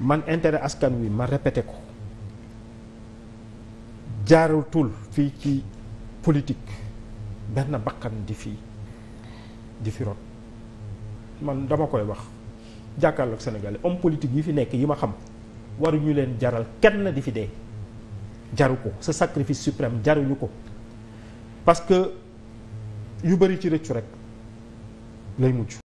man intérêt askan wi ma répété ko jaaratul fii ci politique benn bakkan di fi di fi rot man dama koy wax jàkkaarloo ak sénégalais homme politique yi fi nekk yi ma xam waruñu leen jaral kenn di fi dee jaru ko sa sacrifice suprême jaruñu ko parce que yu bëri ci rëccu rek lay mujj